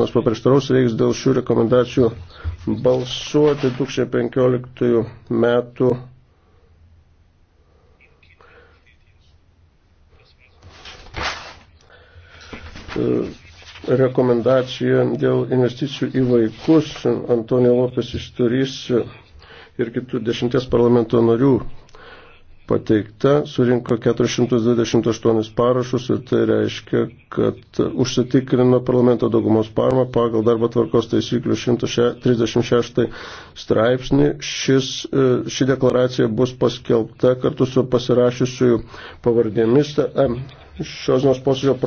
Nors paprieštaraus reiks dėl šių rekomendacijų balsuoti 2015 metų rekomendacija dėl investicijų į vaikus Antonija Lopes išturys ir kitų dešimties parlamento narių pateikta, surinko 428 parašus ir tai reiškia, kad užsitikrino parlamento daugumos parmą pagal darbo tvarkos taisyklių 136 straipsnį. Šis, e, ši deklaracija bus paskelbta kartu su pasirašysiu pavardėmis. E, šios dienos posėdžio